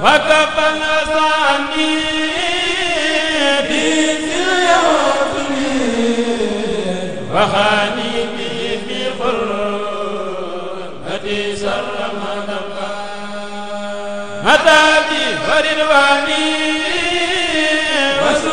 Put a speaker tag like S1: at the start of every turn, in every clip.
S1: mata bi farid wani wasu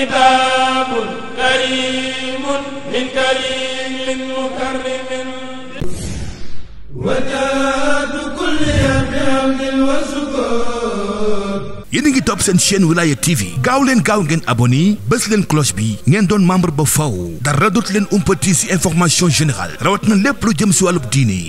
S1: kitaabun kariimun min kariimin mukarrimin yéen a ngi topp seen chaîne Wilaya TV gaaw leen gaaw ngeen abonné bés leen cloche bi ngeen doon membre ba faw dara leen umpati ci information général rawat na lépp lu jëm ci wàllu